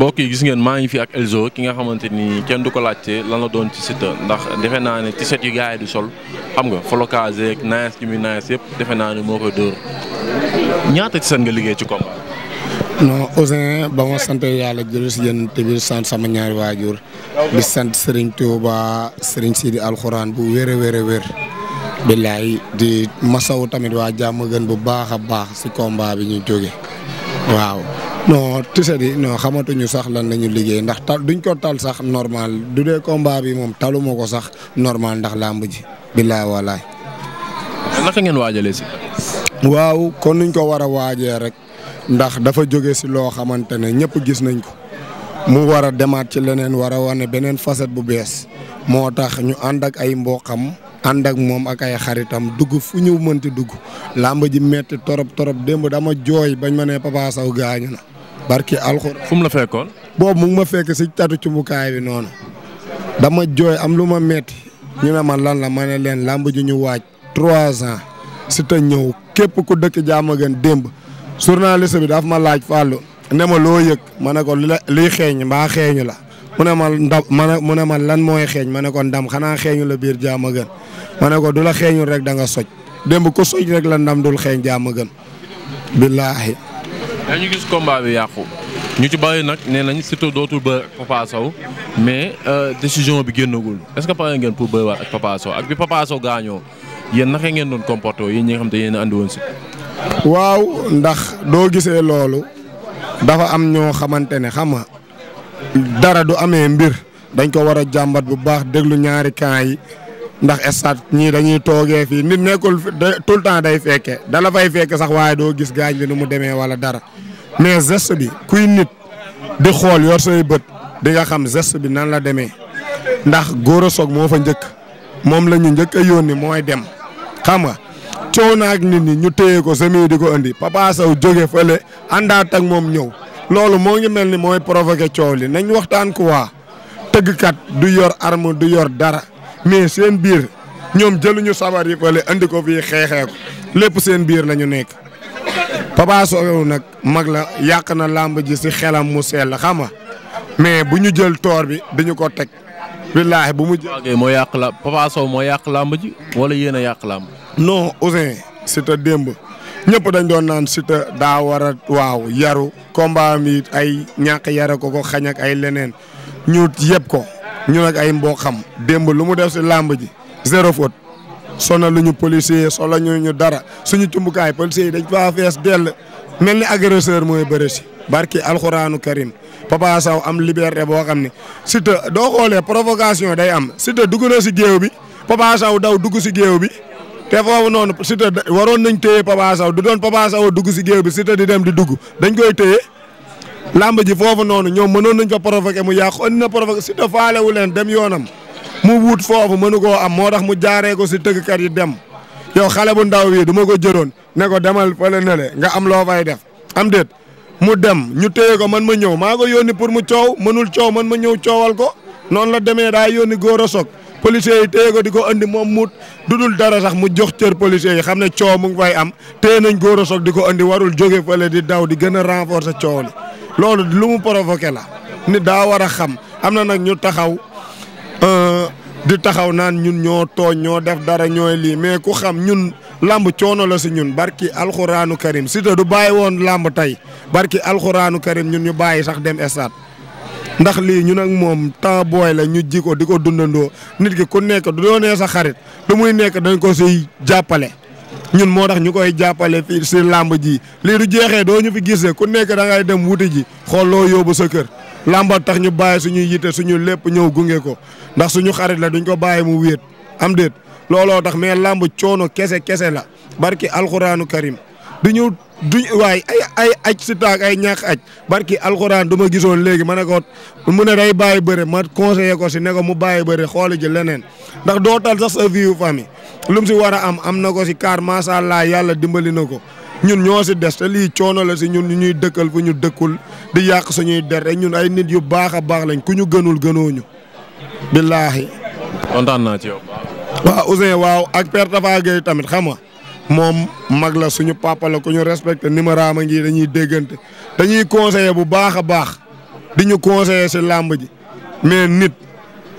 boo yi gis ngeen maa ngi fi ak Elzo ki nga xamante ni kenn du ko laajte lan la doon ci Siteu ndax defe naa ne t-shirt yu gars di sol xam nga flocage ak nice gi muy nice yëpp defe naa ne moo koy dóor ñaata ci seen nga liggéey ci combat. non Ouzin ba ma yàlla jël si yéen te bi sant sama ñaari waajur di sant Serigne Touba Serigne Sidi alxuraan bu wér a wér a wér. billaay di masawu tamit waa jàmm gën bu baax a baax si combat bi ñu jóge waaw. no tiset yi non xamatuñu sax lan la liggéey ndax tal duñ ko tal sax normal du dee combat bi moom taluma ko sax normal ndax làmb ji billaay wallaay. naka ngeen waajale si. waaw kon nuñ ko war a waajee rek ndax dafa jóge si loo xamante ne ñëpp gis nañ ko mu war a demaat ci leneen war a wane beneen facette bu bees moo tax ñu ànd ak ay mboqam. ànd ak moom ak ay xaritam dugg fu ñu mënti dugg làmb ji metti torop torop démb dama jooy bañ ma ne Papa Sow na barki alxuraan. fu mu la fekkoon. boobu mu ngi ma fekk si tatu cumukaay bi noonu dama jooy am lu ma metti ñu ne ma lan la ma ne leen làmb ji ñu waaj trois ans si te ñëw képp ku dëkk jàmm gën démb journaliste bi dafa ma laaj fàllu ne ma loo yëg ma ne ko li la xeeñ mbaa xeeñu la. mu ne ma ndam ma ne mu ne lan mooy xeeñ ma ne ko ndam xanaa xeeñu la biir jaam gën ma ne ko du la xeeñul rek da nga soj démb ko soj rek la ndam dul xeeñ jaam a gën billaahi. dañu gis combat bi yàqu ñu ci bàyyi nag nee nañ surtout dootul ba Papa Sow mais euh, décision bi génnagul est-ce que pare ngeen pour bëriwaat ak ak bi Papa Sow gaañoo yéen naka ngeen doon comporté yéen ñi nga xam te yéen a andi woon si. waaw ndax doo gisee loolu dafa am ñoo xamante ne xam nga dara du amee mbir dañ ko war a jàmbat bu baax déglu ñaari camp yi ndax stade ñii dañuy toogee fii nit nekkul tout le temps day fekke dala fay fekke sax waaye doo gis gaañ bi nu mu demee wala dara mais geste bi kuy nit di xool yor say bët di nga xam geste bi nan la demee ndax góor a soog moo fa njëkk moom la ñu njëkk a yónni mooy dem xam nga coow na ak nit ñi ñu téye ko semi di ko andi Papa Sow jóge fële àndaat ak moom ñëw. loolu moo ngi mel ni mooy provoqué coow li nañ waxtaan ku waa tëggkat du yor arme du yor dara mais seen biir ñoom jëluñu sabar yi wala andi ko xeexee ko lépp seen biir la nekk. Papa Sow nag mag la yàq na làmb ji si xelam mu sell xam nga mais bu ñu jël toor bi dañu ko teg. wallaahi bu mu jël. moo yàq la Papa Sow yàq làmb ji. wala yéen a yàq làmb. non Ouzin c'est à démb. ñëpp dañ doon naan Siteu daa war waaw yaru combat mi ay ñàkk yare ko ko xañ ak ay leneen ñu yëpp ko ñu nag ay mboqam démb lu mu def si làmb ji zéro faute sona lu ñu policier solo ñu ñu dara suñu cumbukaay policier yi dañ faa fees dell mel ni agresseur mooy bëre si barki alxuraanu karim Papa Sow am liberté boo xam ne Siteu doo xoolee provocation day am Siteu dugg na si géew bi Papa Sow daw dugg si géew bi te foofu noonu Siteu waroon nañ téye Papa Sow du doon Papa Sow dugg si géew bi Siteu di dem di dugg dañ koy téye làmb ji foofu noonu ñoom mënoon nañ ko provoqué mu yàqu andi na provoqué Siteu faalewu leen dem yoonam mu wut foofu mënu ko am moo tax mu jaaree ko si tëggkat yi dem yow xale bu ndaw bii du ko jëroon ne ko demal fële nele nga am loo fay def am déet mu dem ñu téye ko man ma ñëw maa ko yónni pour mu coow mënul coow man ma ñëw coowal ko noonu la demee daa yónni góor a soog policiers yi téye ko di ko andi moom mu dudul dara sax mu jox cër policiers yi xam ne coow mu ngi fay am téye nañ Gora Sock di ko andi warul jóge fële di daw di gën a renforcer coow li loolu lu mu provoqué la ni daa war a xam am na nag ñu taxaw euh, di taxaw naan ñun ñoo tooñ ñoo def dara ñooy lii mais ku xam ñun làmb coono la si ñun barki alxuraanu karim si te du bàyyi woon làmb tey barki alxuraanu karim ñun ñu bàyyi sax dem stade ndax lii ñu nag moom temps booy la ñu ji ko di ko dundandoo nit ki ku nekk du doonee sa xarit lu muy nekk dañ ko siy jàppale. ñun moo tax ñu koy jàppale fii si làmb ji lii du jeexee doo ñu fi gisee ku nekk da ngay dem wuti ji xool loo yóbbu sa kër làmba tax ñu bàyyi suñuy yite suñu lépp ñëw gunge ko ndax suñu xarit la duñ ko bàyyi mu wéet am déet looloo tax mais làmb coono kese kese la barki alxuraanu karim. du ñu du waay ay ay aj si taak ay ñàkk aj barki alxuraan du ma gisoon léegi ma ne ko mu ne ay bàyyi bëre ma conseillé ko si ne ko mu bàyyi bëre xooli ji leneen ndax doo tal sax sa vie famille lu mu si war a am am na ko si kaar macha allah yàlla dimbali na ko ñun ñoo si des te lii coono la si ñun ñu ñuy dëkkal fu ñu dëkkul di yàq suñuy der rek ñun ay nit yu baax a baax lañ ku ñu gënul gënooñu billaahi kontaan naa ci yow. waaw Ousseyn waaw ak Père Tafa Gueye tamit xam nga moom mag la suñu papa la ku ñu respecté numéro ma ngi dañuy déggante dañuy conseiller bu baax a baax di ñu conseiller si làmb ji mais nit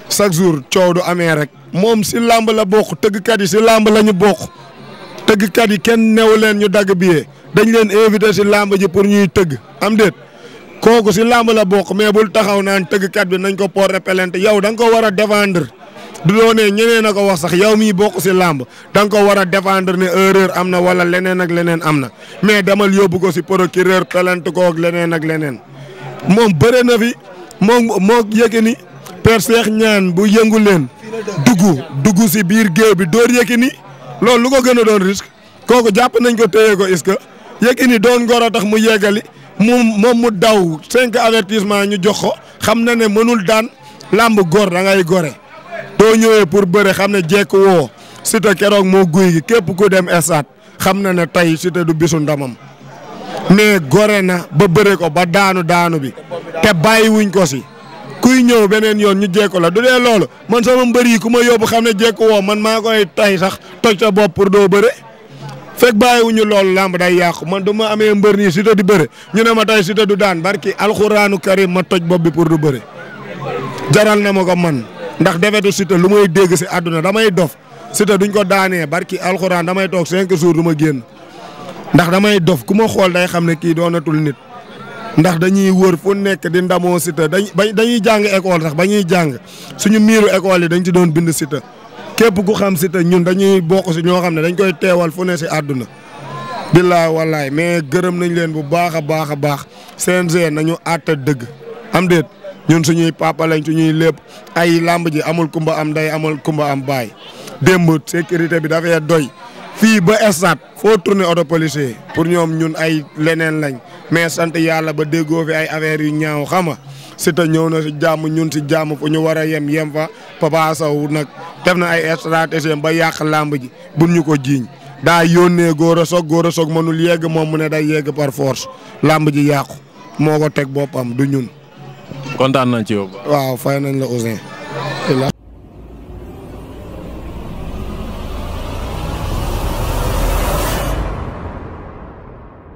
chaque jour coow du amee rek. moom si làmb la bokk tëggkat yi si làmb la ñu bokk tëggkat yi kenn newu leen ñu dagg billet dañ leen invité si làmb ji pour ñuy tëgg am déet kooku si làmb la bokk mais bul taxaw naan tëggkat bi nañ ko porter plainte yow da nga ko war a défendre. du doonee ñeneen a ko wax sax yow mii bokk si làmb da ko war a défendre ne erreur am na wala leneen ak leneen am na mais damal yóbbu ko si procureur talent ko ak leneen ak leneen. moom bëre na fi moom moo Yékini Père Cheikh ñaan bu yëngu leen duggu dugg si biir géew bi dóor Yékini loolu lu ko gën doon risque kooku jàpp nañ ko téye ko est-ce que Yékini doon ngoro tax mu yeggali moom moom mu daw cinq avertissement ñu jox ko xam na ne mënul daan làmb góor da ngay gore. boo ñëwee pour bëre xam ne jekk woo Siteu keroog moo guy gi képp ku dem esaat xam na ne tey Siteu du bisu ndamam mais gore na ba bëre ko ba daanu daanu bi te bàyyi wuñ ko si kuy ñëw beneen yoon ñu jekko la du dee loolu man sama mbër yi ku ma yóbbu xam ne jekk woo man maa koy tay sax toj sa bopp pour doo bëre fekk bàyyiwuñu loolu làmb day yàqu man du ma amee mbër nii Siteu di bëre ñu ne ma tey Siteu du daan barki alxuraanu karim ma toj bopp bi pour du bëre jaral na ma ko man ndax defetu Siteu lu may dégg si àdduna damay dof Siteu duñ ko daanee barki alxuraan damay toog cinq jours du ma génn ndax damay dof ku ma xool day xam ne kii doonatul nit ndax dañuy wër fu nekk di ndamoo Siteu dañuy dañuy jàng école sax ba ñuy jàng suñu miiru école yi dañ si doon bind Siteu képp ku xam Siteu ñun dañuy bokk si ñoo xam ne dañ koy teewal fu ne si àdduna. billaay wallaay mais gërëm nañ leen bu baax a baax a baax CNG nañu àtte dëgg am déet. ñun suñuy papa lañ suñuy lépp ay làmb ji amul kumba am day amul kumba am baay démb sécurité bi dafay doy fii ba estat foo tourné auto policier pour ñoom ñun ay leneen lañ mais sant yàlla ba déggoo fi ay affaires yu ñaaw xama si te ñëw na si jàmm ñun si jàmm fu ñu war a yem yem fa Papa Sow nag def na ay stratégie ba yàq làmb ji buñ ñu ko jiiñ daa yónnee góor a soog góor a soog mënul yegg moom mu ne day yegg par force làmb ji yàqu moo ko teg boppam du ñun kontaan nañ ci yow. waaw fay nañ la